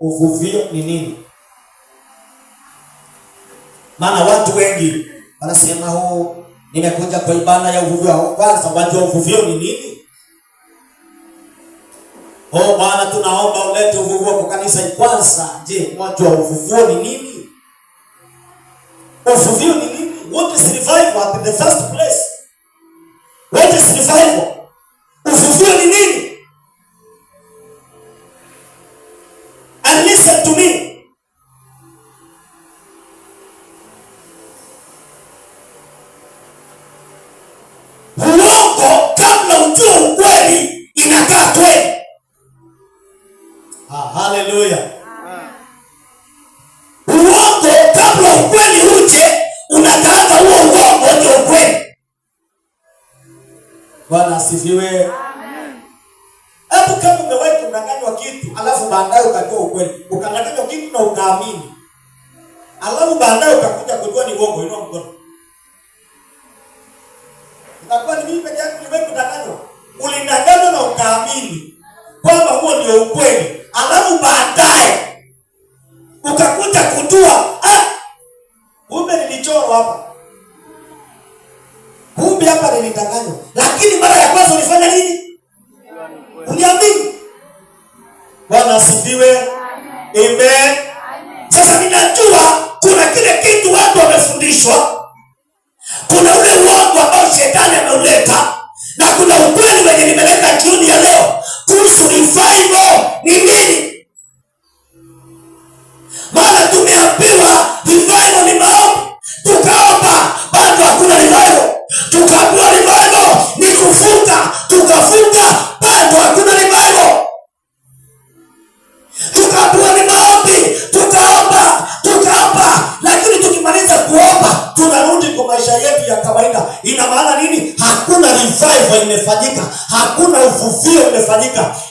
Uvuvio ni nini? Maana watu wengi wanasema oh, nimekuja kwa ibada ya uvuvio. Hao Kwanza wajua uvuvio ni nini? Oh Bwana, tunaomba ulete uvuvio kwa kanisa kwanza. Je, wajua uvuvio ni nini? Uvuvio ni nini? What is revival at the first place? What is revival? tutumie. Uongo kabla ujue ukweli inakaa kweli. Ah, haleluya! Uongo kabla ukweli uje unataaza huo uongo ndio ukweli. Bwana asifiwe. kuwa ukweli, ukang'ang'ana kitu na ukaamini, alafu baadaye ukakuja kujua ni uongo, inua mkono. Utakuwa ni mimi peke yangu nimewahi kudanganywa. Ulidanganywa na ukaamini kwamba huo ndio ukweli, alafu baadaye ukakuja kujua ah, kumbe nilichorwa hapa, kumbe hapa nilidanganywa. Bwana asifiwe. Amen. Sasa ninajua kuna kile kitu watu wamefundishwa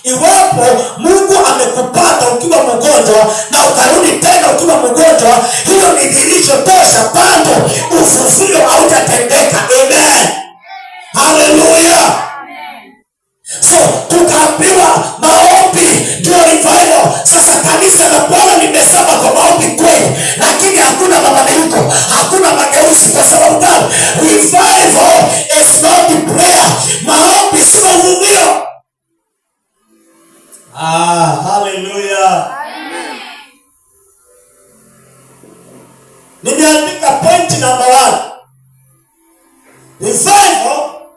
Iwapo Mungu amekupata ukiwa mgonjwa na ukarudi tena ukiwa mgonjwa, hiyo ni dirisho tosha, bado ufufuo haujatendeka. Amen, haleluya. So tukaambiwa Nimeandika point number one. Revival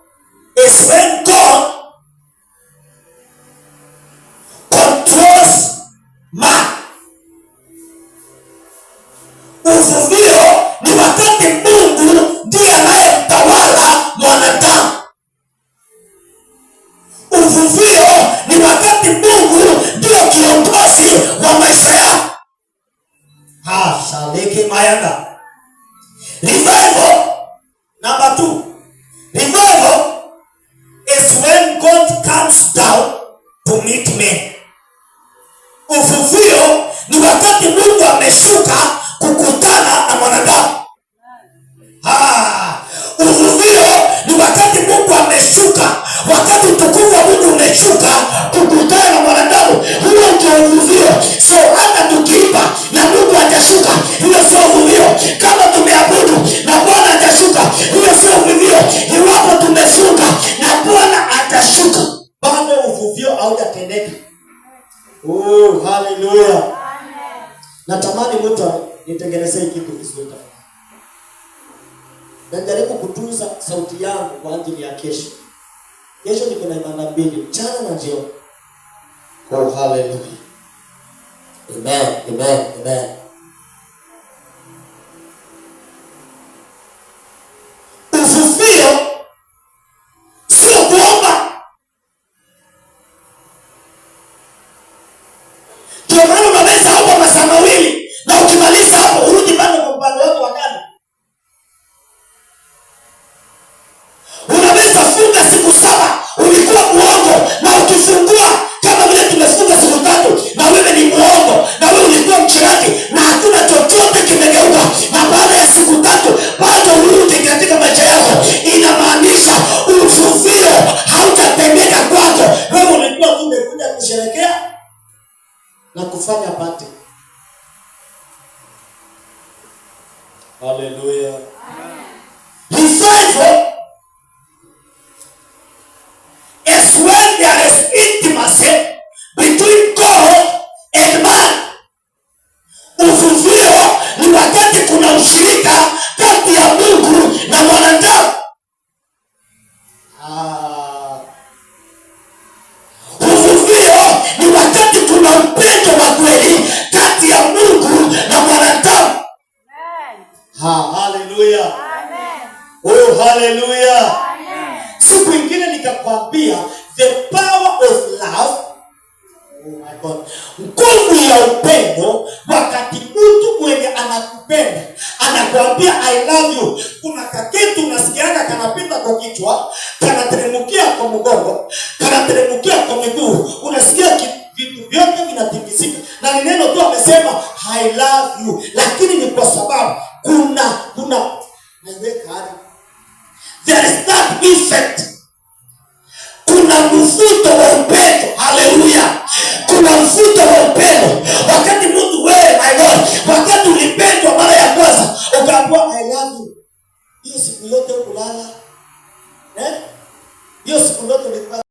is when God controls man. ayanda revival number two revival is when God comes down to meet men ufufuyo ni wakati Mungu ameshuka kukutana na mwanadamu ah ufufuo ni wakati Mungu ameshuka wakati Haleluya. Natamani mtu nitengenezee kitu kizuri. Najaribu kutunza sauti yangu kwa ajili ya kesho. Kesho niko na ibada mbili, mchana na jioni. Oh, haleluya. Amen, amen, amen. Hallelujah. Amen. Haleluya! Siku ingine nikakwambia the power of love. Oh my God, nguvu ya upendo. Wakati mtu mwenye anakupenda anakuambia I love you, kuna kakitu unasikianga kanapita kwa kichwa, kanateremukia kwa mgongo, kanateremukia kwa miguu, unasikia vitu vyote vinatikisika, na ni neno tu amesema I love you, lakini ni kwa sababu kuna kuna naweka There is that effect. Kuna mvuto wa upendo. Haleluya, kuna mvuto